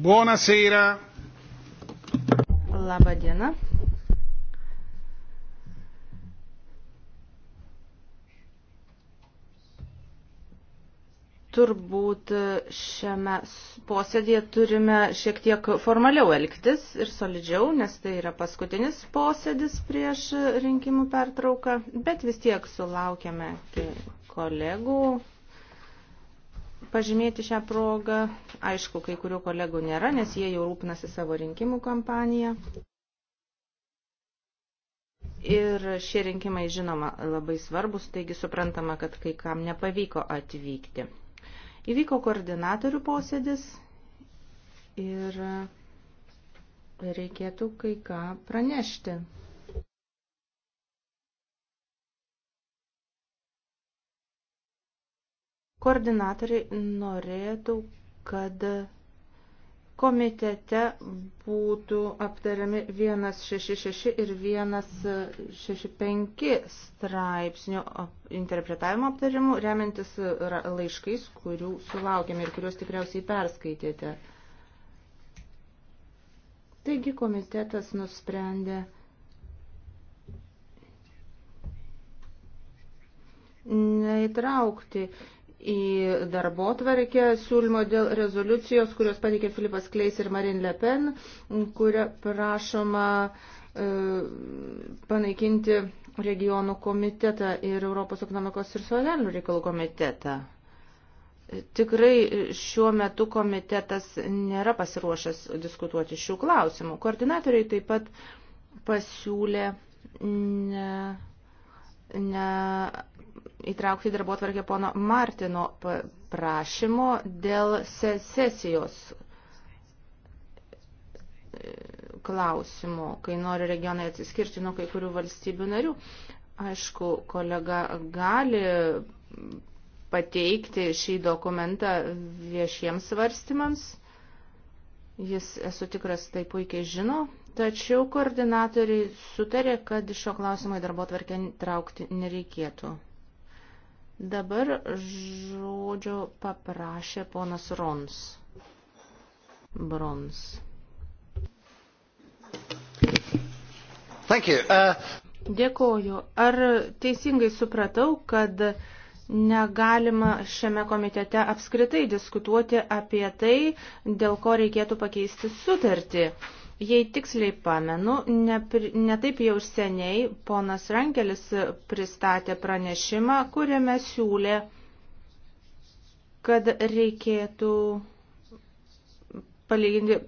Buonasera. Labą dieną. Turbūt šiame posėdėje turime šiek tiek formaliau elgtis ir solidžiau, nes tai yra paskutinis posėdis prieš rinkimų pertrauką, bet vis tiek sulaukėme kolegų pažymėti šią progą. Aišku, kai kurių kolegų nėra, nes jie jau rūpinasi savo rinkimų kampaniją. Ir šie rinkimai, žinoma, labai svarbus, taigi suprantama, kad kai kam nepavyko atvykti. Įvyko koordinatorių posėdis ir reikėtų kai ką pranešti. Koordinatoriai norėtų, kad komitete būtų aptariami 166 ir 165 straipsnio interpretavimo aptarimų, remiantis laiškais, kurių sulaukėme ir kuriuos tikriausiai perskaitėte. Taigi komitetas nusprendė neįtraukti į darbo tvarkę siūlymo dėl rezoliucijos, kurios pateikė Filipas Kleis ir Marin Le Pen, kuria prašoma e, panaikinti regionų komitetą ir Europos ekonomikos ir socialinių reikalų komitetą. Tikrai šiuo metu komitetas nėra pasiruošęs diskutuoti šių klausimų. Koordinatoriai taip pat pasiūlė ne ne, įtraukti darbo atvarkę pono Martino prašymo dėl sesijos e, klausimų, kai nori regionai atsiskirti nuo kai kurių valstybių narių. Aišku, kolega gali pateikti šį dokumentą viešiems svarstymams. Jis, esu tikras, tai puikiai žino. Tačiau koordinatoriai sutarė, kad šio klausimo į darbo tvarkę traukti nereikėtų. Dabar žodžio paprašė ponas Rons. Brons. Thank you. Uh... Dėkoju. Ar teisingai supratau, kad negalima šiame komitete apskritai diskutuoti apie tai, dėl ko reikėtų pakeisti sutartį? Uh, Jei tiksliai pamenu, netaip ne, ne jau seniai ponas Rankelis pristatė pranešimą, kuriame siūlė, kad reikėtų palyginti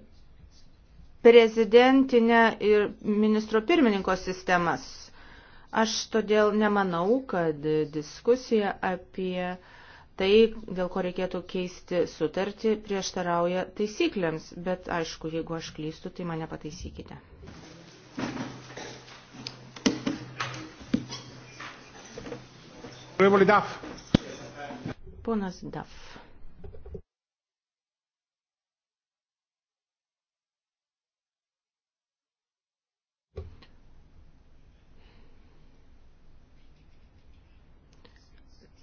prezidentinę ir ministro pirmininko sistemas. Aš todėl nemanau, kad diskusija apie tai, dėl ko reikėtų keisti sutartį, prieštarauja taisyklėms, bet aišku, jeigu aš klystu, tai mane pataisykite. Ponas Daf.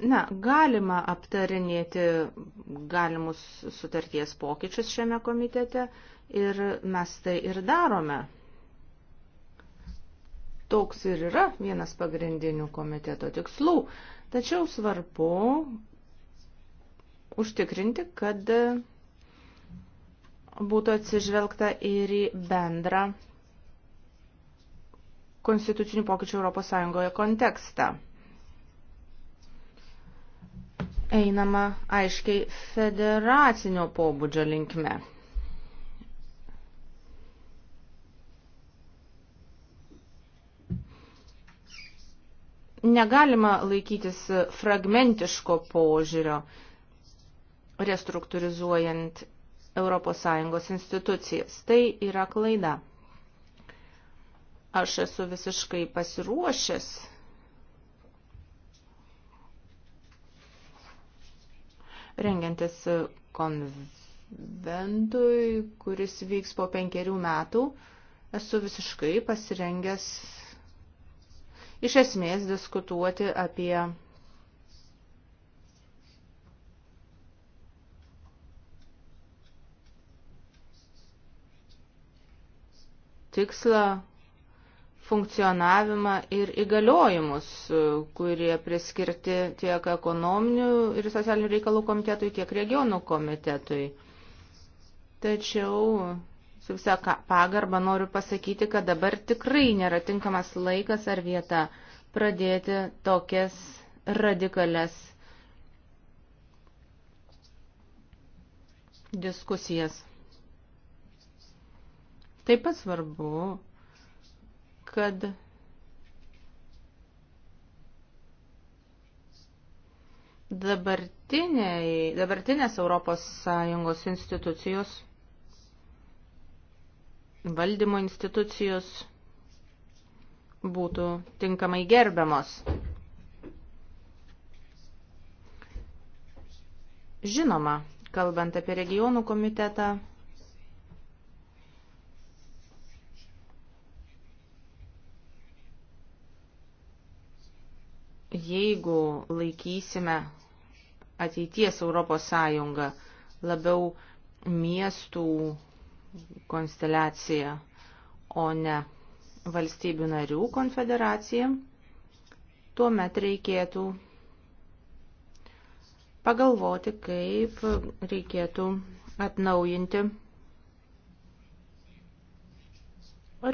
Na, galima aptarinėti galimus sutarties pokyčius šiame komitete ir mes tai ir darome. Toks ir yra vienas pagrindinių komiteto tikslų. Tačiau svarbu užtikrinti, kad būtų atsižvelgta ir į bendrą konstitucinių pokyčių ES kontekstą einama aiškiai federacinio pobūdžio linkme. Negalima laikytis fragmentiško požiūrio, restruktūrizuojant ES institucijas. Tai yra klaida. Aš esu visiškai pasiruošęs rengiantis konventui, kuris vyks po penkerių metų, esu visiškai pasirengęs iš esmės diskutuoti apie tikslą funkcionavimą ir įgaliojimus, e, kurie priskirti tiek ekonominių ir socialinių reikalų komitetui, tiek regionų komitetui. Tačiau, su visą pagarbą noriu pasakyti, kad dabar tikrai nėra tinkamas laikas ar vieta pradėti tokias radikales diskusijas. Taip pat svarbu kad dabartinės Europos Sąjungos institucijos, valdymo institucijos būtų tinkamai gerbiamos. Žinoma, kalbant apie regionų komitetą, jeigu laikysime ateities Europos Sąjungą labiau miestų konsteliacija, o ne valstybių narių konfederacija, tuomet reikėtų pagalvoti, kaip reikėtų atnaujinti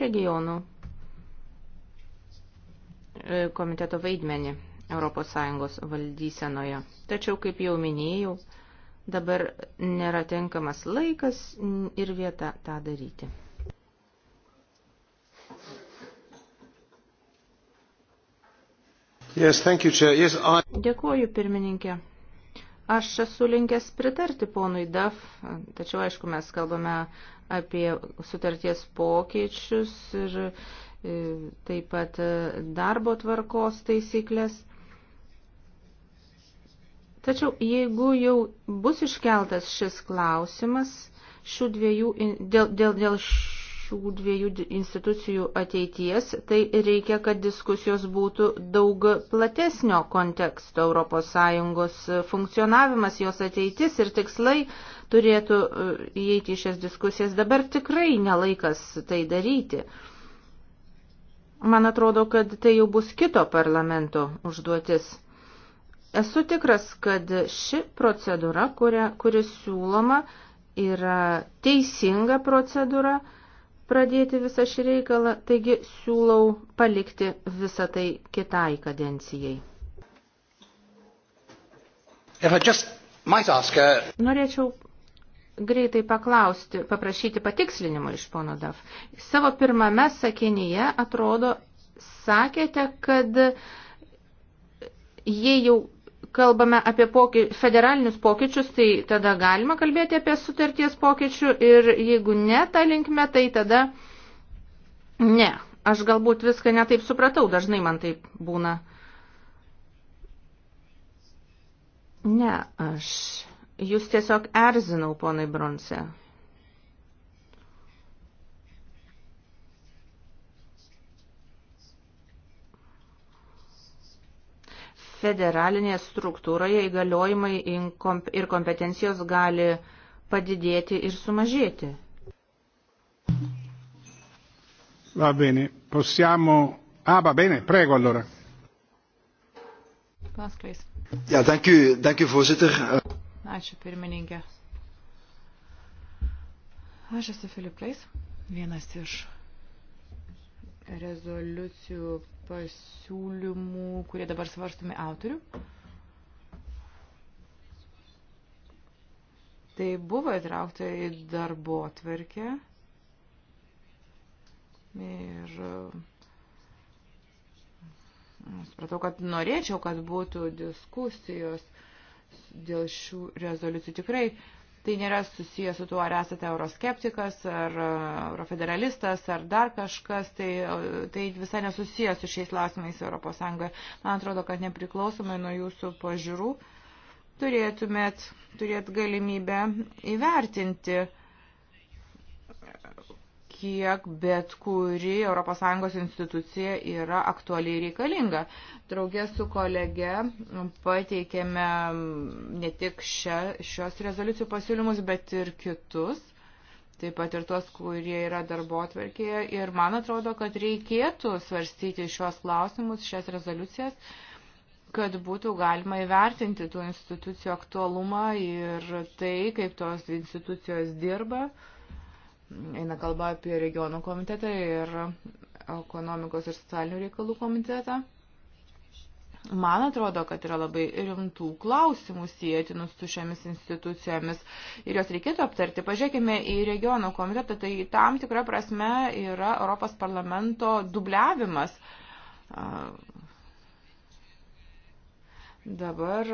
regionų e, komiteto vaidmenį. ES valdysenoje. Tačiau, kaip jau minėjau, dabar nėra tenkamas laikas ir vieta tą daryti. Yes, you, yes, I... Dėkuoju, pirmininkė. Aš esu linkęs pritarti ponui DAF, tačiau aišku, mes kalbame apie sutarties pokyčius ir e, taip pat e, darbo tvarkos taisyklės. Tačiau jeigu jau bus iškeltas šis klausimas šių dviejų, dėl, dėl, dėl šių dviejų institucijų ateities, tai reikia, kad diskusijos būtų daug platesnio konteksto. ES funkcionavimas, jos ateitis ir tikslai turėtų e, įeiti į šias diskusijas. Dabar tikrai nelaikas tai daryti. Man atrodo, kad tai jau bus kito parlamento užduotis. Esu tikras, kad ši procedūra, kuria, kuri siūloma, yra teisinga procedūra pradėti visą šį reikalą, taigi siūlau palikti visą tai kitai kadencijai. Ask, uh... Norėčiau greitai paklausti, paprašyti patikslinimo iš pono Daf. Savo pirmame sakinyje atrodo sakėte, kad jei jau kalbame apie poky, federalinius pokyčius, tai tada galima kalbėti apie sutarties pokyčių ir jeigu ne tą linkme, tai tada ne. Aš galbūt viską netaip supratau, dažnai man taip būna. Ne, aš jūs tiesiog erzinau, ponai Bronse. federalinėje struktūroje įgaliojimai ir kompetencijos gali padidėti ir sumažėti. Va bene, possiamo. Ah, va bene, prego allora. Paskleis. Ja, dank u, dank u voorzitter. Ačiū pirmininkė. Aš esu Filip Leis, vienas iš rezoliucijų pasiūlymų, kurie dabar svarstomi autorių. Tai buvo įtraukta į darbo atverkę ir mm, supratau, kad norėčiau, kad būtų diskusijos dėl šių rezoliucijų. Tikrai uh, Tai nėra susijęs su tuo, ar esate euroskeptikas, ar e, eurofederalistas, ar dar kažkas. Tai, e, tai visai nesusijęs su šiais klausimais ES. Man atrodo, kad nepriklausomai nuo jūsų pažiūrų turėtumėt turėt galimybę įvertinti kiek bet kuri ES institucija yra aktualiai reikalinga. Draugė su kolege pateikėme ne tik šia, šios rezoliucijų pasiūlymus, bet ir kitus, taip pat ir tuos, kurie yra darbo atverkėje. Ir man atrodo, kad reikėtų svarstyti šios klausimus, šias rezoliucijas kad būtų galima įvertinti tų institucijų aktualumą ir tai, kaip tos institucijos dirba. Uh, Eina kalba apie regionų komitetą ir ekonomikos ir socialinių reikalų komitetą. Man atrodo, kad yra labai rimtų klausimų sėtinų su šiomis institucijomis ir jos reikėtų aptarti. Pažiūrėkime į regionų komitetą, tai tam tikra prasme yra Europos parlamento dubliavimas. Uh, Dabar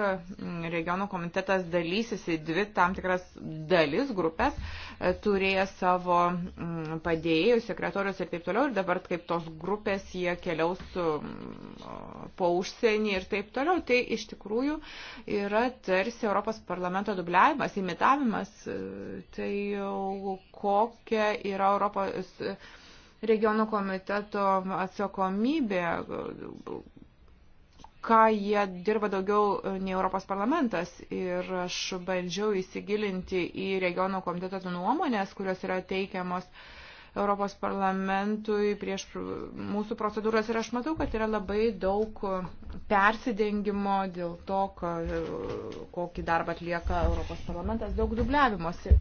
mm, regionų komitetas dalysis į dvi tam tikras dalis grupės, e, turėjęs savo mm, padėjėjus, sekretorius ir taip toliau. Ir dabar kaip tos grupės jie keliaus mm, po užsienį ir taip toliau. Tai iš tikrųjų yra tarsi Europos parlamento dubliavimas, imitavimas. E, tai jau kokia yra Europos e, regionų komiteto atsakomybė ką jie dirba daugiau e, nei Europos parlamentas. Ir aš bandžiau įsigilinti į regionų komiteto nuomonės, kurios yra teikiamos Europos parlamentui prieš mūsų procedūras. Ir aš matau, kad yra labai daug persidengimo dėl to, e, kokį darbą atlieka Europos parlamentas, daug dubliavimuose.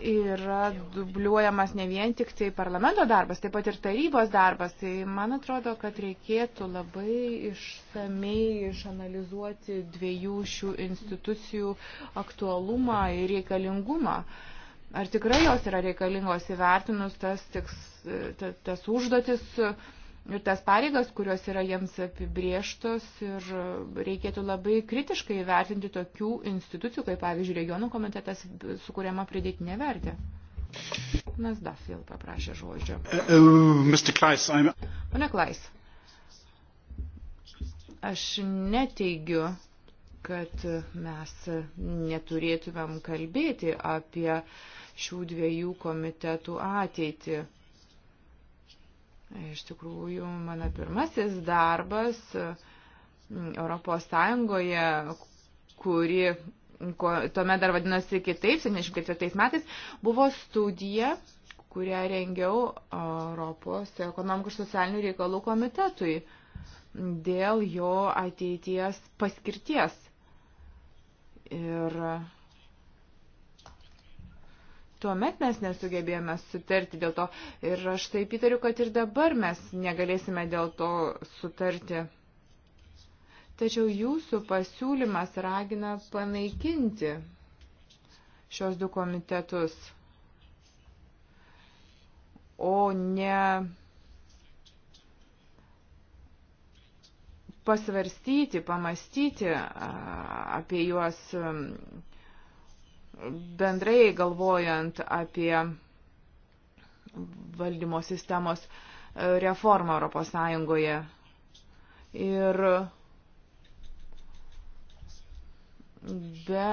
yra dubliuojamas ne vien tik tai parlamento darbas, taip pat ir tarybos darbas. Tai man atrodo, kad reikėtų labai išsamei išanalizuoti dviejų šių institucijų aktualumą ir reikalingumą. Ar tikrai jos yra reikalingos įvertinus tas, tiks, tas, tas užduotis, ir tas pareigas, kurios yra jiems apibrieštos ir reikėtų labai kritiškai vertinti tokių institucijų, kaip pavyzdžiui regionų komitetas, sukūriama pridėtinė vertė. Nas Daf vėl paprašė žodžio. Uh, uh, Kleis, Pane Klais, aš neteigiu, kad mes neturėtumėm kalbėti apie šių dviejų komitetų ateitį Iš tikrųjų, mano pirmasis darbas mm, Europos Sąjungoje, kuri tuomet dar vadinosi kitaip, 74 metais, buvo studija, kurią rengiau Europos ekonomikų ir socialinių reikalų komitetui dėl jo ateities paskirties. Ir tuomet mes nesugebėjome sutarti dėl to. Ir aš taip įtariu, kad ir dabar mes negalėsime dėl to sutarti. Tačiau jūsų pasiūlymas ragina panaikinti šios du komitetus, o ne pasvarstyti, pamastyti apie juos bendrai galvojant apie valdymo sistemos e, reformą Europos Sąjungoje. Ir be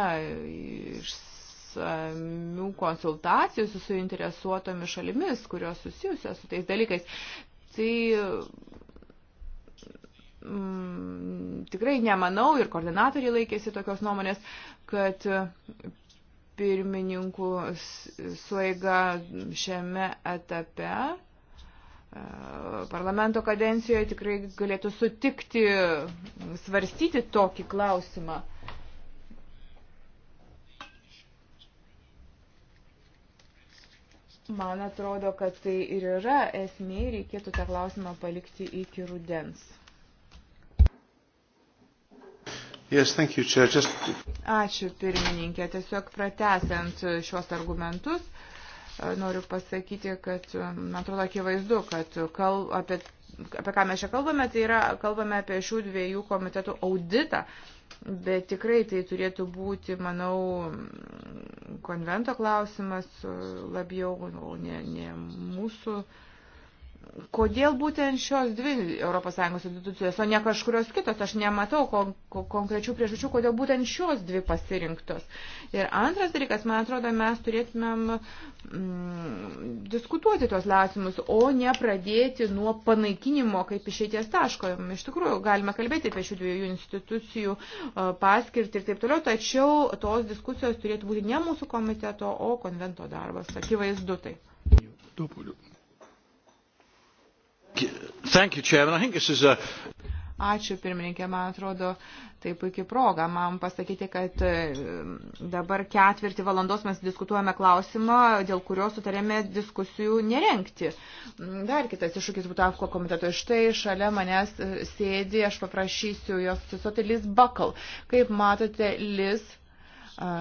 išsamių konsultacijų su suinteresuotomis šalimis, kurios susijusios su tais dalykais, tai mm, tikrai nemanau ir koordinatoriai laikėsi tokios nuomonės, kad pirmininkų suiga šiame etape e, parlamento kadencijoje tikrai galėtų sutikti svarstyti tokį klausimą. Man atrodo, kad tai ir yra esmė, reikėtų tą klausimą palikti iki rudens. Yes, thank you, Chair. Just... Ačiū pirmininkė. Tiesiog pratesiant šios argumentus, e, noriu pasakyti, kad e, man atrodo akivaizdu, kad kal, apie, apie ką mes čia kalbame, tai yra kalbame apie šių dviejų komitetų auditą. Bet tikrai tai turėtų būti, manau, konvento klausimas e, labiau, o ne, ne mūsų uh, Kodėl būtent šios dvi ES institucijos, o ne kažkurios kitos, aš nematau kon konkrečių priežasčių, kodėl būtent šios dvi pasirinktos. Ir antras dalykas, man atrodo, mes turėtumėm mm, diskutuoti tuos lausimus, o ne pradėti nuo panaikinimo kaip išeities taško. Iš tikrųjų, galime kalbėti apie šių dviejų institucijų e, paskirtį ir taip toliau, tačiau tos diskusijos turėtų būti ne mūsų komiteto, o konvento darbas. Akivaizdu tai. Dopoliu. You, Ačiū pirmininkė, man atrodo, tai puikiai proga man pasakyti, kad e, dabar ketvirtį valandos mes diskutuojame klausimą, dėl kurio sutarėme diskusijų nerenkti. Dar kitas iššūkis būtų AFKO komiteto. Štai šalia manęs e, sėdi, aš paprašysiu jos susoti Liz Bakal. Kaip matote, Liz e,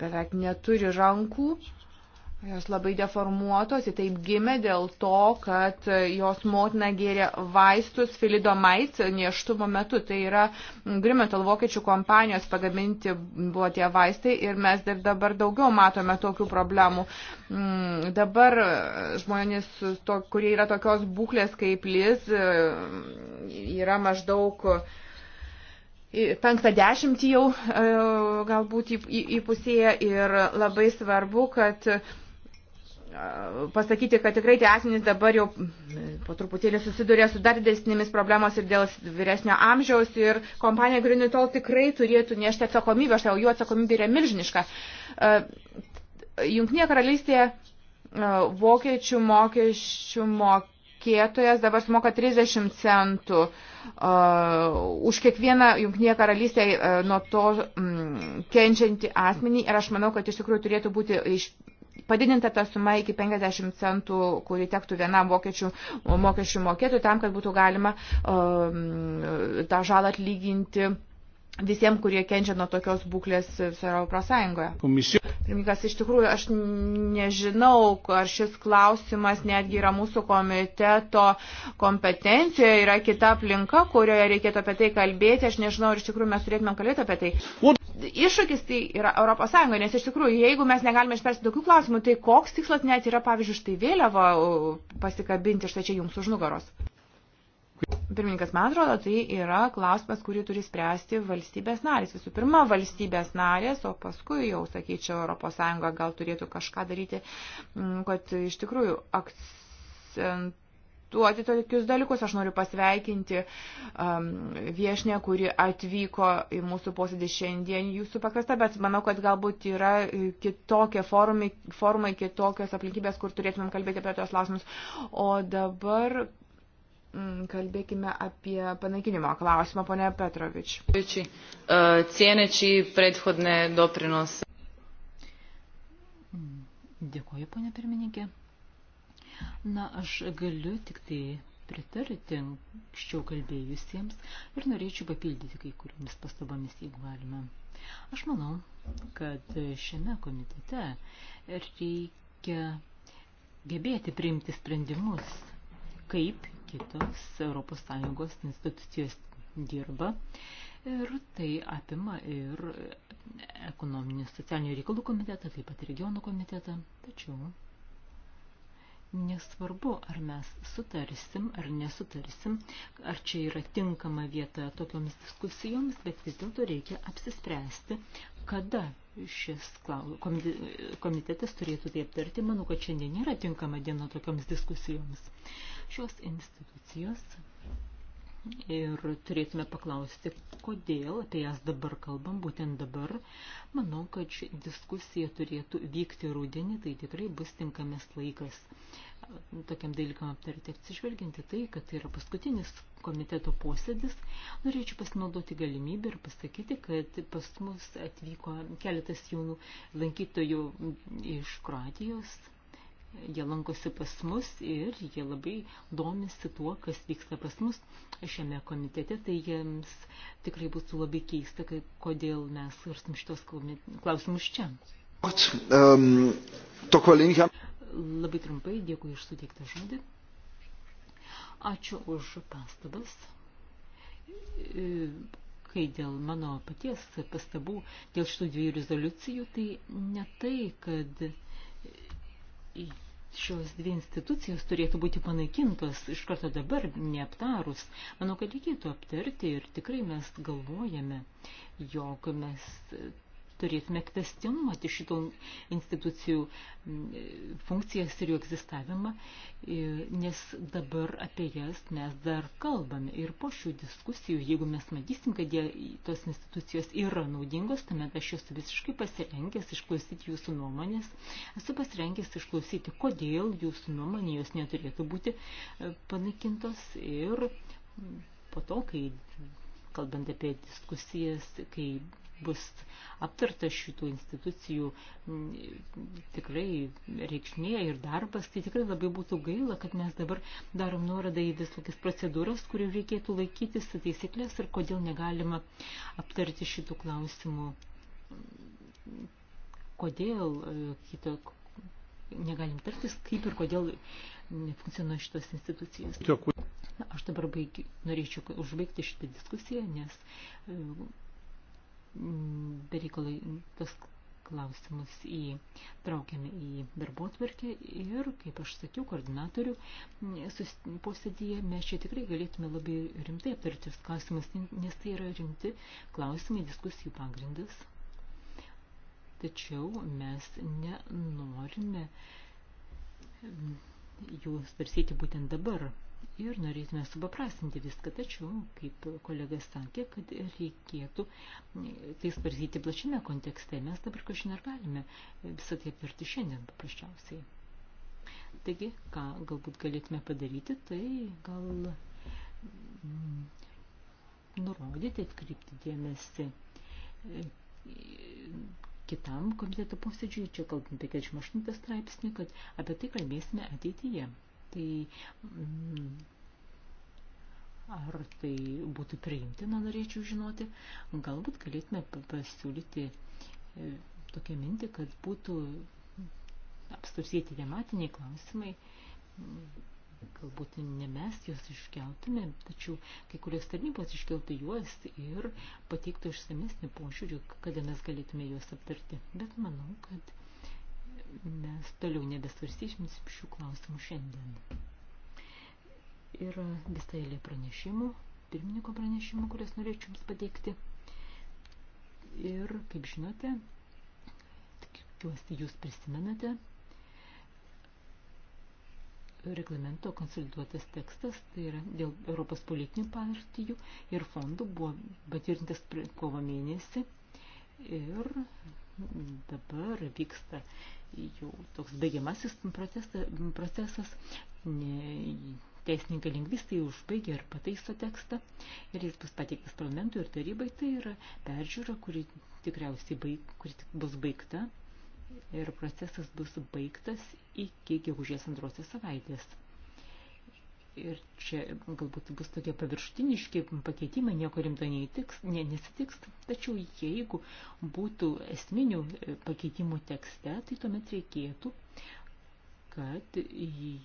beveik neturi rankų. Uh, Jos labai deformuotos, ji taip gimė dėl to, kad jos motina gėrė vaistus filidomait neštumo metu. Tai yra Grimetal vokiečių kompanijos pagaminti buvo tie vaistai ir mes dar dabar daugiau matome tokių problemų. Mm, dabar žmonės, to, kurie yra tokios būklės kaip Liz, mm, yra maždaug penktą dešimtį jau e, galbūt įpusėję ir labai svarbu, kad pasakyti, kad tikrai tie asmenys dabar jau po truputėlį susiduria su dar didesnėmis problemos ir dėl vyresnio amžiaus ir kompanija Grinitol tikrai turėtų nešti atsakomybę, aš jau jų atsakomybė yra milžiniška. E, Junknėje karalystėje vokiečių mokesčių mokėtojas dabar sumoka 30 centų e, už kiekvieną Junknėje karalystėje e, nuo to kenčiantį asmenį ir aš manau, kad iš tikrųjų turėtų būti iš padidinta ta suma iki 50 centų, kuri tektų vienam vokiečių mokesčių mokėtojui, tam, kad būtų galima um, tą žalą atlyginti visiems, kurie kenčia nuo tokios būklės visoje Europos Sąjungoje. Pirmininkas, iš tikrųjų, aš nežinau, ar šis klausimas netgi yra mūsų komiteto kompetencijoje, yra kita aplinka, kurioje reikėtų apie tai kalbėti. Aš nežinau, ar iš tikrųjų mes turėtume kalbėti apie tai iššūkis tai yra ES, nes iš tikrųjų, jeigu mes negalime išspręsti tokių klausimų, tai koks tikslas net yra, pavyzdžiui, štai vėliavą pasikabinti štai čia jums už nugaros? Pirmininkas, man atrodo, tai yra klausimas, kurį turi spręsti valstybės narės. Visų pirma, valstybės narės, o paskui jau, sakyčiau, ES gal turėtų kažką daryti, kad iš tikrųjų akcentuotų akcentuoti tokius dalykus. Aš noriu pasveikinti um, viešinę, kuri atvyko į mūsų posėdį šiandien jūsų pakviesta, bet manau, kad galbūt yra e, kitokie forumai, formai, kitokios aplinkybės, kur turėtumėm kalbėti apie tos klausimus. O dabar mm, kalbėkime apie panaikinimo klausimą, ponė Petrovič. E, Cieneči predhodne doprinose. Dėkuoju, ponė pirmininkė. Na, aš galiu tik tai pritarti anksčiau kalbėjusiems ir norėčiau papildyti kai kuriomis pastabomis, jeigu galime. Aš manau, kad šiame komitete reikia gebėti priimti sprendimus, kaip kitos ES institucijos dirba. Ir tai apima ir ekonominį socialinių reikalų komitetą, taip pat regionų komitetą. Tačiau Nesvarbu, ar mes sutarsim ar nesutarsim, ar čia yra tinkama vieta tokioms diskusijoms, bet vis dėlto reikia apsispręsti, kada šis komitetas turėtų tai aptarti. Manau, kad šiandien nėra tinkama diena tokioms diskusijoms. Šios institucijos ir turėtume paklausti, kodėl apie jas dabar kalbam, būtent dabar. Manau, kad ši diskusija turėtų vykti rūdienį, tai tikrai bus tinkamas laikas e, tokiam dalykam aptarti, atsižvelginti tai, kad tai yra paskutinis komiteto posėdis. Norėčiau pasinaudoti galimybę ir pasakyti, kad pas mus atvyko keletas jaunų lankytojų iš Kroatijos jie lankosi pas mus ir jie labai domisi tuo, kas vyksta pas mus šiame komitete, tai jiems tikrai būtų labai keista, kai, kodėl mes svarstum šitos klausimus čia. Ähm, labai trumpai, dėkui iš suteiktą žodį. Ačiū už pastabas. E, kai dėl mano paties pastabų, dėl šitų dviejų rezoliucijų, tai ne tai, kad šios dvi institucijos turėtų būti panaikintos iš karto dabar, neaptarus. Manau, kad reikėtų aptarti ir tikrai mes galvojame, jog mes turėtume kvestionuoti šitų institucijų funkcijas ir jų egzistavimą, nes dabar apie jas mes dar kalbame. Ir po šių diskusijų, jeigu mes matysim, kad jie, tos institucijos yra naudingos, tuomet aš esu visiškai pasirengęs išklausyti jūsų nuomonės, esu pasirengęs išklausyti, kodėl jūsų nuomonė jos neturėtų būti e, panaikintos ir po to, kai kalbant apie diskusijas, kai bus aptarta šitų institucijų tikrai reikšmė ir darbas, tai tikrai labai būtų gaila, kad mes dabar darom nuorodą į visokias procedūras, kurių reikėtų laikytis, taisyklės ir kodėl negalima aptarti šitų klausimų. Kodėl e, kito negalim tartis, kaip ir kodėl nefunkcionuoja šitos institucijos. Aš dabar baigi, norėčiau užbaigti šitą diskusiją, nes e, Mm, bereikalai tas klausimus į, traukiame į darbo tvarkę ir, kaip aš sakiau, koordinatorių mm, posėdėje mes čia tikrai galėtume labai rimtai aptarti tas klausimas, nes tai yra rimti klausimai, diskusijų pagrindas. Tačiau mes nenorime mm, jų svarsyti būtent dabar, ir norėtume supaprastinti viską, tačiau, kaip kolega sakė, kad reikėtų tai svarstyti plačiame kontekste. Mes dabar kažin ar galime visą tai aptarti šiandien paprasčiausiai. Taigi, ką galbūt galėtume padaryti, tai gal mm, nurodyti, atkreipti dėmesį e, kitam komiteto posėdžiui, čia kalbant apie 48 straipsnį, kad apie tai kalbėsime ateityje. Tai mm, ar tai būtų priimtina, norėčiau žinoti. Galbūt galėtume pasiūlyti e, tokią mintį, kad būtų apsvarsyti tematiniai klausimai. Galbūt ne mes juos iškeltume, tačiau kai kurios tarnybos iškeltų juos ir pateiktų išsamesnį požiūrį, kada mes galėtume juos aptarti. Bet manau, kad nes toliau nebesvarstysim šių klausimų šiandien. Ir visą eilę pranešimų, pirmininko pranešimų, kurias norėčiau jums pateikti. Ir, kaip žinote, tikiuosi jūs prisimenate, reglamento konsoliduotas tekstas, tai yra dėl Europos politinių partijų ir fondų buvo patvirtintas kovo mėnesį ir dabar vyksta jau toks baigiamasis procesas. Teisininkai lingvistai užbaigia ir pataiso tekstą ir jis bus pateiktas parlamentui ir tarybai. Tai yra peržiūra, kuri tikriausiai baig, kuri tik bus baigta ir procesas bus baigtas iki gegužės antrosios savaitės ir čia galbūt bus tokie paviršutiniški pakeitimai, nieko rimto neįtiks, ne, nesitiks, tačiau jeigu būtų esminių e, pakeitimų tekste, tai tuomet reikėtų, kad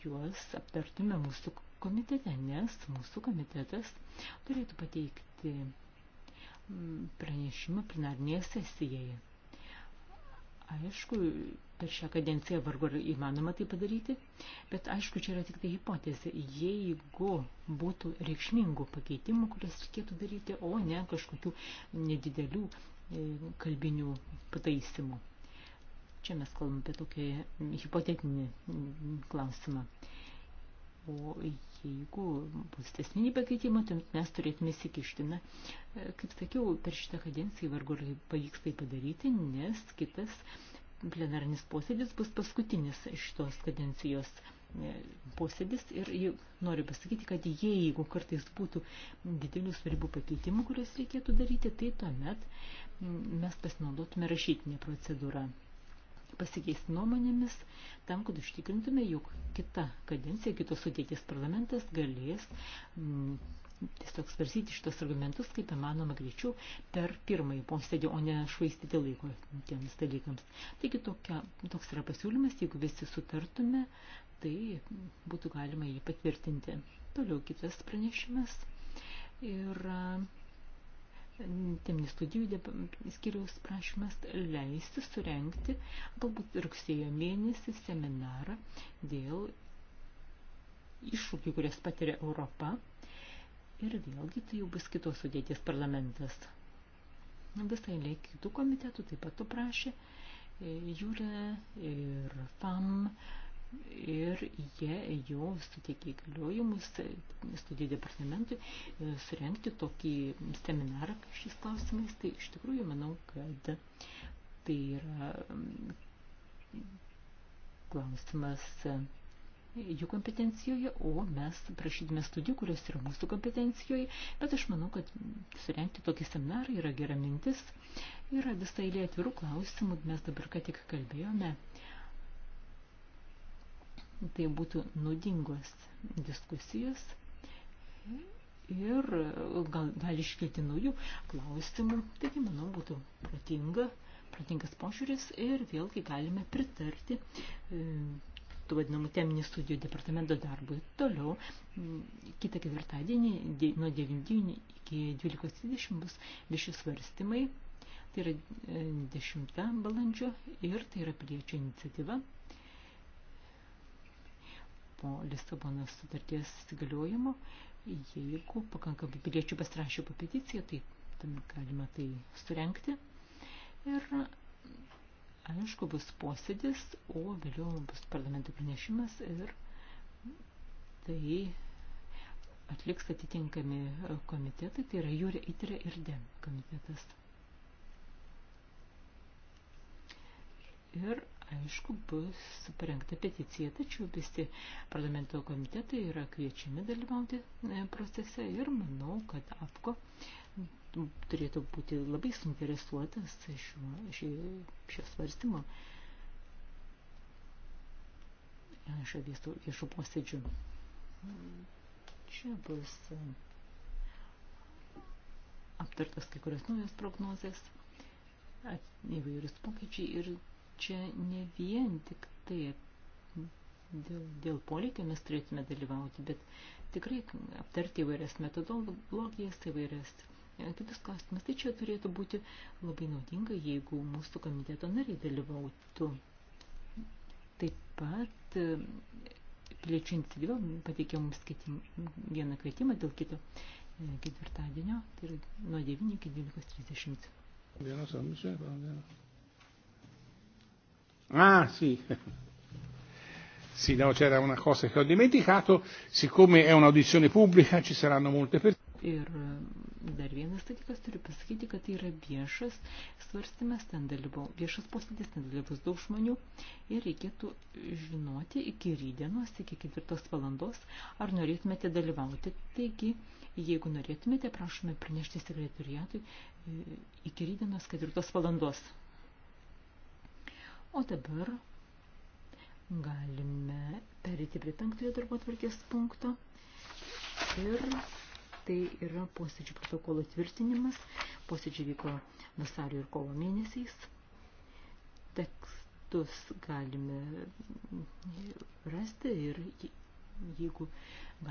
juos aptartume mūsų komitete, nes mūsų komitetas turėtų pateikti pranešimą plenarnėje sesijoje. Aišku, per šią kadenciją vargu ar įmanoma tai padaryti, bet aišku, čia yra tik tai hipotezė, jeigu būtų reikšmingų pakeitimų, kurias reikėtų daryti, o ne kažkokių nedidelių e, kalbinių pataisimų. Čia mes kalbame apie tokį hipotetinį klausimą. O jeigu bus esminiai pakeitimai, tuomet tai mes turėtume įsikišti. Na, e, kaip sakiau, per šitą kadenciją vargu ar pavyks tai padaryti, nes kitas plenarinis posėdis bus paskutinis šitos kadencijos e, posėdis ir noriu pasakyti, kad jeigu kartais būtų didelių svarbių pakeitimų, kuriuos reikėtų daryti, tai tuomet mes pasinaudotume rašytinę procedūrą pasikeisti nuomonėmis, tam, kad užtikrintume, jog kita kadencija, kitos sudėties parlamentas galės m, mm, tiesiog svarsyti šitos argumentus, kaip įmanoma greičiau, per pirmąjį posėdį, o ne švaistyti laiko tiems dalykams. Taigi tokia, toks yra pasiūlymas, jeigu visi sutartume, tai būtų galima jį patvirtinti. Toliau kitas pranešimas. Ir uh, teminių studijų skiriaus prašymas leisti surenkti galbūt rugsėjo mėnesį seminarą dėl iššūkių, kurias patiria Europa. Ir vėlgi tai jau bus kitos sudėties parlamentas. Visai lėk kitų komitetų taip pat paprašė e, Jūrė ir FAM. E, ir jie jau suteikė įgaliojimus studijų departamentui e, surenkti tokį seminarą šiais klausimais. Tai iš tikrųjų manau, kad tai yra klausimas jų kompetencijoje, o mes prašydame studijų, kurios yra mūsų kompetencijoje, bet aš manau, kad surenkti tokį seminarą yra gera mintis, yra visai lė atvirų klausimų, mes dabar ką tik kalbėjome tai būtų naudingos diskusijos ir gal, gali iškilti naujų klausimų. Taigi, manau, būtų protinga, protingas požiūris ir vėlgi galime pritarti e, tų vadinamų teminių studijų departamento darbui. Toliau, kitą ketvirtadienį nuo 9 iki 12.30 bus vieši svarstymai. Tai yra 10 e, balandžio ir tai yra piliečio iniciatyva po Lisabonos sutarties įsigaliojimo, jeigu pakankamai piliečių pasirašė po peticiją, tai tam galima tai surenkti. Ir aišku, bus posėdis, o vėliau bus parlamento pranešimas ir tai atliks atitinkami komitetai, tai yra Jūrė Itrė ir DEM komitetas. Ir aišku, bus parengta peticija, tačiau visi parlamento komitetai yra kviečiami dalyvauti e, procese ir manau, kad APKO turėtų būti labai suinteresuotas šio, šio, šio svarstymo e, šio viešų posėdžių. Čia bus e, aptartas kai kurios naujos prognozės, įvairius pokyčiai ir čia ne vien tik tai dėl, dėl poreikio mes turėtume dalyvauti, bet tikrai aptarti įvairias metodologijas, įvairias e, kitus klausimus. Tai čia turėtų būti labai naudinga, jeigu mūsų komiteto nariai dalyvautų. Taip pat e, piliečių iniciatyva pateikė mums kitim, vieną kvietimą dėl kito e, ketvirtadienio, tai yra nuo 9 iki 12.30. Vienas amžiai, gal vienas. Ah sì. Sì, no, c'era una cosa che ho dimenticato, siccome è un'audizione pubblica ci saranno molte persone. Ir ehm, dar vienas dalykas turiu pasakyti, kad tai yra viešas svarstymas, ten dalyvau, viešas posėdis, ten dalyvaus daug žmonių ir reikėtų žinoti iki rydienos, iki ketvirtos valandos, ar norėtumėte dalyvauti. Taigi, jeigu norėtumėte, prašome pranešti sekretoriatui e, iki rydienos ketvirtos valandos. O dabar galime perėti prie penktojo darbo atvarkės punkto. Ir tai yra posėdžių protokolo tvirtinimas. Posėdžiai vyko vasario ir kovo mėnesiais. Tekstus galime rasti ir jeigu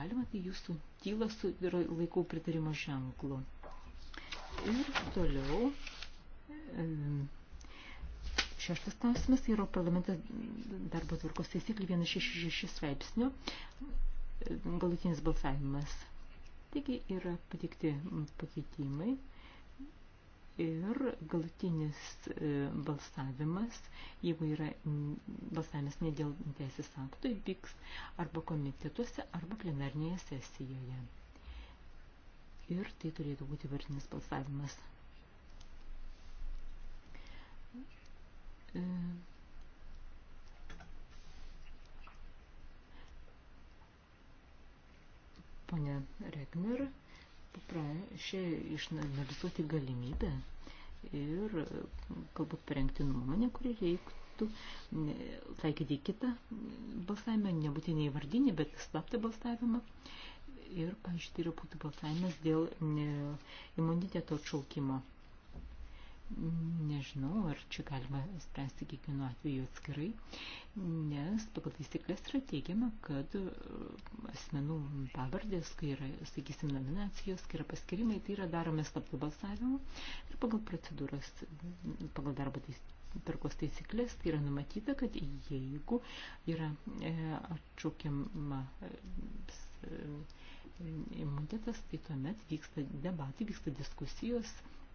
galima, tai jūsų tyla su yra laikau pritarimo ženklu. Ir toliau. E, Šeštas klausimas tai yra parlamentas darbo tvarkos taisyklių 166 straipsnio e, galutinis balsavimas. Taigi yra patikti pakeitimai ir galutinis e, balsavimas, jeigu yra balsavimas ne dėl teisės akto, vyks arba komitetuose, arba plenarnėje sesijoje. Ir tai turėtų būti vardinis balsavimas. Pone Regner paprašė išanalizuoti galimybę ir galbūt parengti nuomonę, kurį reiktų taikyti kitą balsavimą, nebūtinai vardinį, bet slaptą balsavimą. Ir, pažiūrėjau, tai yra būtų balsavimas dėl e, imuniteto atšaukimo nežinau, ar čia galima spręsti kiekvienu atveju atskirai, nes pagal taisyklės yra teigiama, kad e, asmenų pavardės, kai yra, sakysim, nominacijos, kai yra paskirimai, tai yra darome slaptų balsavimų ir pagal procedūros, pagal darbo tvarkos taisyklės, tai yra numatyta, kad jeigu yra e, atšaukiama e, e imunitetas, tai tuomet vyksta debatai, vyksta diskusijos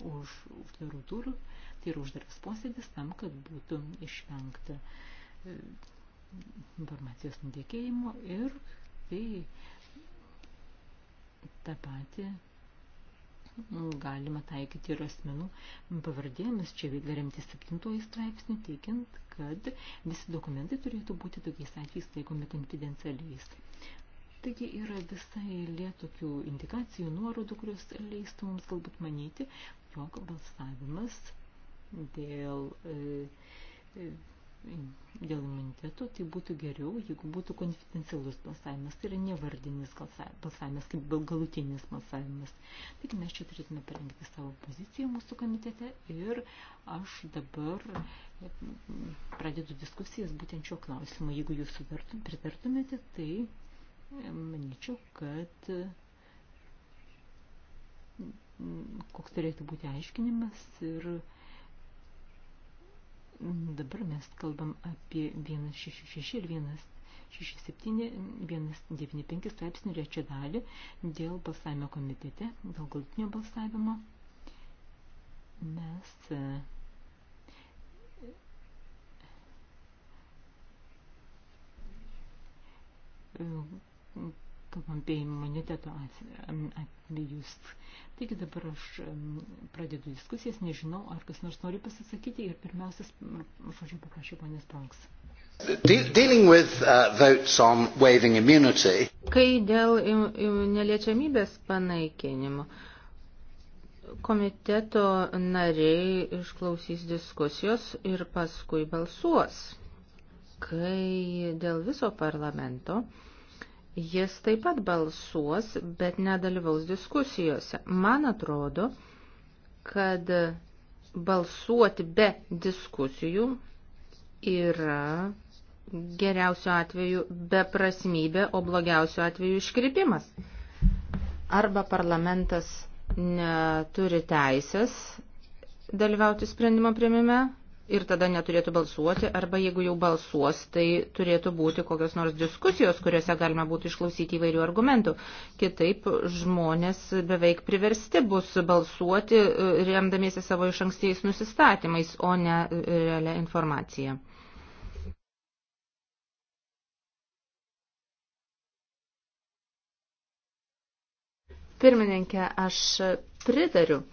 už uždarų durų, tai yra uždaras posėdis tam, kad būtų išvengta e, informacijos nudėkėjimo ir tai tą patį galima taikyti ir asmenų pavardėmis. Čia remti 7 straipsnį, teikiant, kad visi dokumentai turėtų būti tokiais atvejais taikomi konfidencialiais. Taigi yra visai lė tokių indikacijų, nuorodų, kurios leistų mums galbūt manyti, jog balsavimas dėl, e, e, dėl imuniteto tai būtų geriau, jeigu būtų konfidencialus balsavimas, tai yra nevardinis balsavimas, kaip galutinis balsavimas. Taigi mes čia turėtume parengti savo poziciją mūsų komitete ir aš dabar e, pradedu diskusijas būtent šio klausimo. Jeigu jūs suvertum, pritartumėte, tai manyčiau, kad koks turėtų būti aiškinimas ir dabar mes kalbam apie 166 ir 167, 195 straipsnių rečią dalį dėl balsavimo komitete, dėl galutinio balsavimo. Mes uh, tampėjimo imuniteto atvejus. Taigi dabar aš pradedu diskusijas, nežinau, ar kas nors nori pasisakyti ir pirmiausias, žodžiu, paprašau ponės Pranks. Dealing with uh, votes on waiving immunity. Kai dėl im, im, neliečiamybės panaikinimo komiteto nariai išklausys diskusijos ir paskui balsuos. Kai dėl viso parlamento uh, Jis taip pat balsuos, bet nedalyvaus diskusijose. Man atrodo, kad balsuoti be diskusijų yra geriausio atveju beprasmybė, o blogiausio atveju iškrypimas. Arba parlamentas neturi teisės dalyvauti sprendimo primime, ir tada neturėtų balsuoti, arba jeigu jau balsuos, tai turėtų būti kokios nors diskusijos, kuriuose galima būtų išklausyti įvairių argumentų. Kitaip žmonės beveik priversti bus balsuoti, e, remdamiesi savo iš ankstiais nusistatymais, o ne e, realią informaciją. Pirmininkė, aš pritariu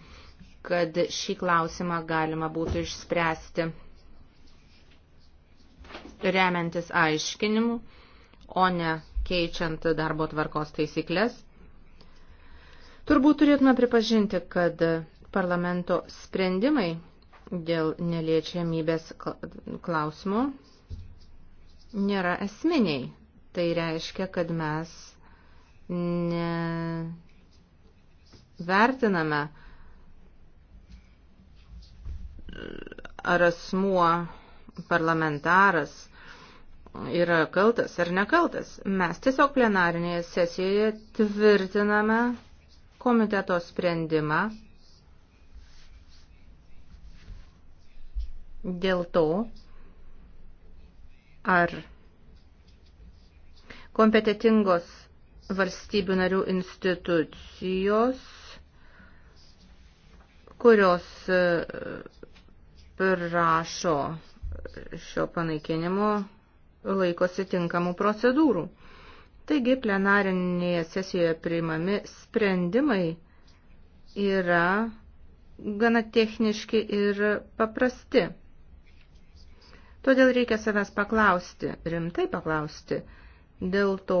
kad šį klausimą galima būtų išspręsti remiantis aiškinimu, o ne keičiant darbo tvarkos taisyklės. Turbūt turėtume pripažinti, kad parlamento sprendimai dėl neliečiamybės klausimų nėra esminiai. Tai reiškia, kad mes nevertiname ar asmuo parlamentaras yra kaltas ar nekaltas. Mes tiesiog plenarinėje sesijoje tvirtiname komiteto sprendimą dėl to, ar kompetitingos valstybių narių institucijos, kurios prašo šio panaikinimo laikosi tinkamų procedūrų. Taigi plenarinėje sesijoje priimami sprendimai yra gana techniški ir paprasti. Todėl reikia savęs paklausti, rimtai paklausti, dėl to,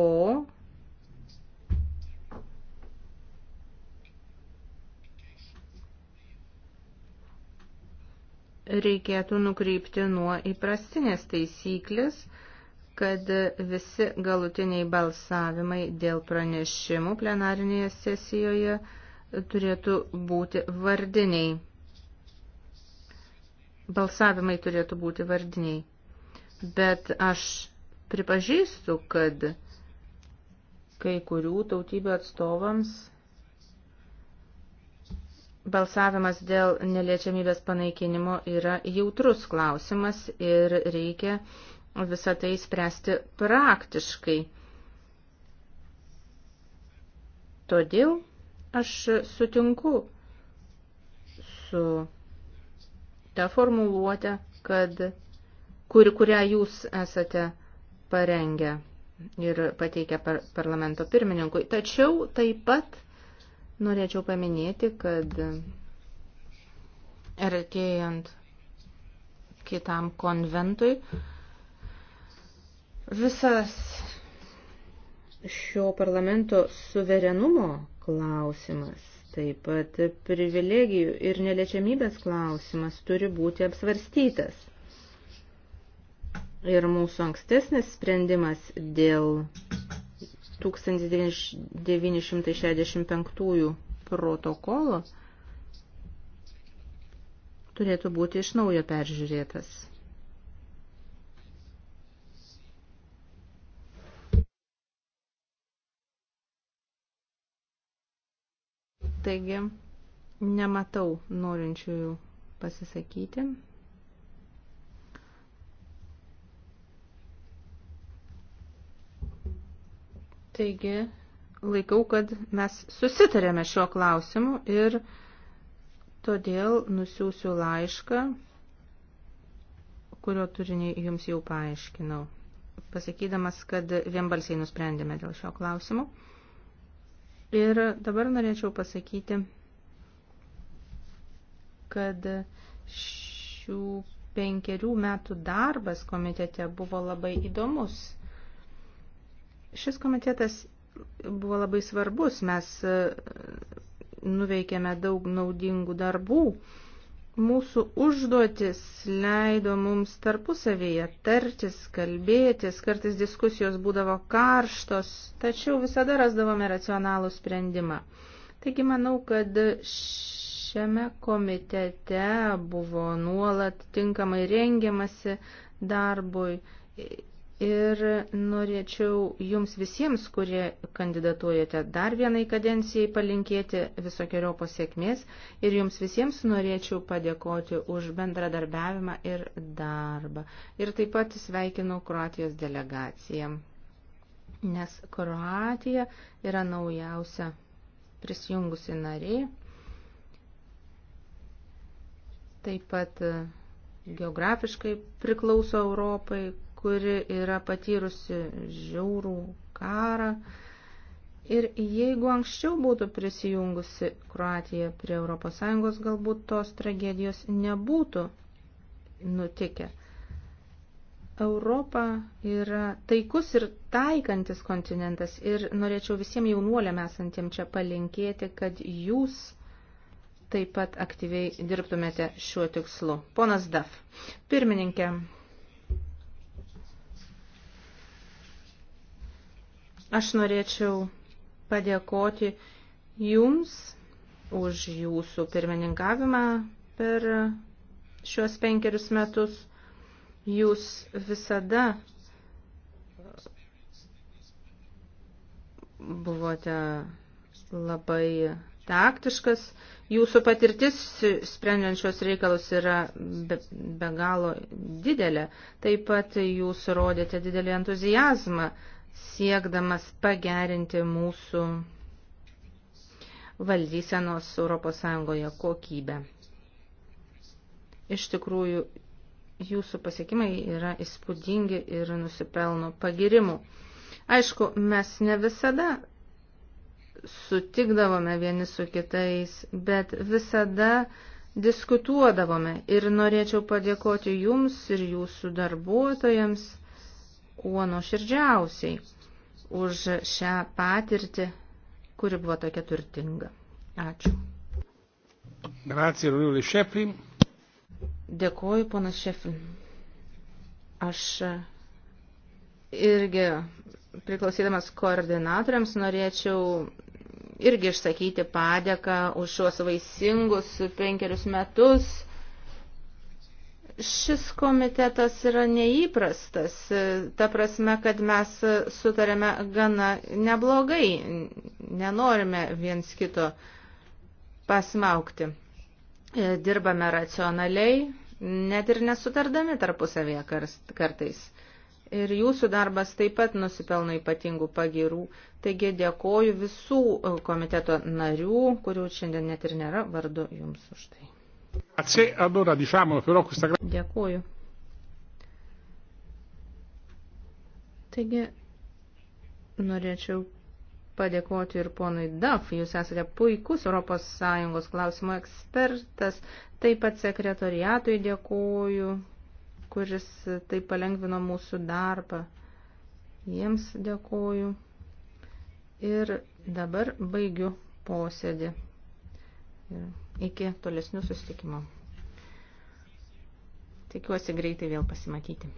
reikėtų nukreipti nuo įprastinės taisyklės, kad visi galutiniai balsavimai dėl pranešimų plenarinėje sesijoje turėtų būti vardiniai. Balsavimai turėtų būti vardiniai. Bet aš pripažįstu, kad kai kurių tautybių atstovams balsavimas dėl neliečiamybės panaikinimo yra jautrus klausimas ir reikia visą tai spręsti praktiškai. Todėl aš sutinku su ta formuluotė, kad, kur, kurią jūs esate parengę ir pateikę par, parlamento pirmininkui. Tačiau taip pat Norėčiau paminėti, kad artėjant kitam konventui visas šio parlamento suverenumo klausimas, taip pat privilegijų ir neliečiamybės klausimas turi būti apsvarstytas. Ir mūsų ankstesnis sprendimas dėl 1965 protokolo turėtų būti iš naujo peržiūrėtas. Taigi, nematau norinčiųjų pasisakyti. Taigi, laikau, kad mes susitarėme šiuo klausimu ir todėl nusiųsiu laišką, kurio turinį jums jau paaiškinau, pasakydamas, kad vienbalsiai nusprendėme dėl šio klausimo. Ir dabar norėčiau pasakyti, kad šių penkerių metų darbas komitete buvo labai įdomus Šis komitetas buvo labai svarbus, mes e, nuveikėme daug naudingų darbų. Mūsų užduotis leido mums tarpusavėje tartis, kalbėtis, kartais diskusijos būdavo karštos, tačiau visada rasdavome racionalų sprendimą. Taigi manau, kad šiame komitete buvo nuolat tinkamai rengiamasi darbui Ir norėčiau jums visiems, kurie kandidatuojate dar vienai kadencijai, palinkėti visokiojo pasiekmės ir jums visiems norėčiau padėkoti už bendradarbiavimą ir darbą. Ir taip pat sveikinu Kroatijos delegaciją, nes Kroatija yra naujausia prisijungusi nariai. Taip pat geografiškai priklauso Europai, kuri yra patyrusi žiaurų karą. Ir jeigu anksčiau būtų prisijungusi Kroatija prie ES, galbūt tos tragedijos nebūtų nutikę. Europa yra taikus ir taikantis kontinentas ir norėčiau visiems jaunuoliam esantiem čia palinkėti, kad jūs taip pat aktyviai dirbtumėte šiuo tikslu. Ponas Daf, pirmininkė, Aš norėčiau padėkoti Jums už Jūsų pirmininkavimą per šiuos penkerius metus. Jūs visada buvote labai taktiškas. Jūsų patirtis sprendžiančios reikalus yra be, be galo didelė. Taip pat jūs rodėte didelį entuzijazmą siekdamas pagerinti mūsų valdysenos ES kokybę. Iš tikrųjų, jūsų pasiekimai yra įspūdingi ir nusipelno pagirimų. Aišku, mes ne visada sutikdavome vieni su kitais, bet visada diskutuodavome ir norėčiau padėkoti jums ir jūsų darbuotojams kuo nuoširdžiausiai už šią patirtį, kuri buvo tokia turtinga. Ačiū. Grazie, Rūliu Šeflin. Dėkoju, ponas Šeflin. Aš irgi priklausydamas koordinatoriams norėčiau irgi išsakyti padėką už šiuos vaisingus penkerius metus Šis komitetas yra neįprastas, ta prasme, kad mes sutarėme gana neblogai, nenorime viens kito pasmaukti. Dirbame racionaliai, net ir nesutardami tarpusavėje kartais. Ir jūsų darbas taip pat nusipelno ypatingų pagirų, taigi dėkoju visų komiteto narių, kurių šiandien net ir nėra, vardu jums už tai. Dėkuoju. Taigi, norėčiau padėkoti ir ponui Daf. Jūs esate puikus ES klausimo ekspertas. Taip pat sekretoriatui dėkuoju, kuris taip palengvino mūsų darbą. Jiems dėkuoju. Ir dabar baigiu posėdį. Yeah iki tolesnių susitikimų. Tikiuosi greitai vėl pasimatyti.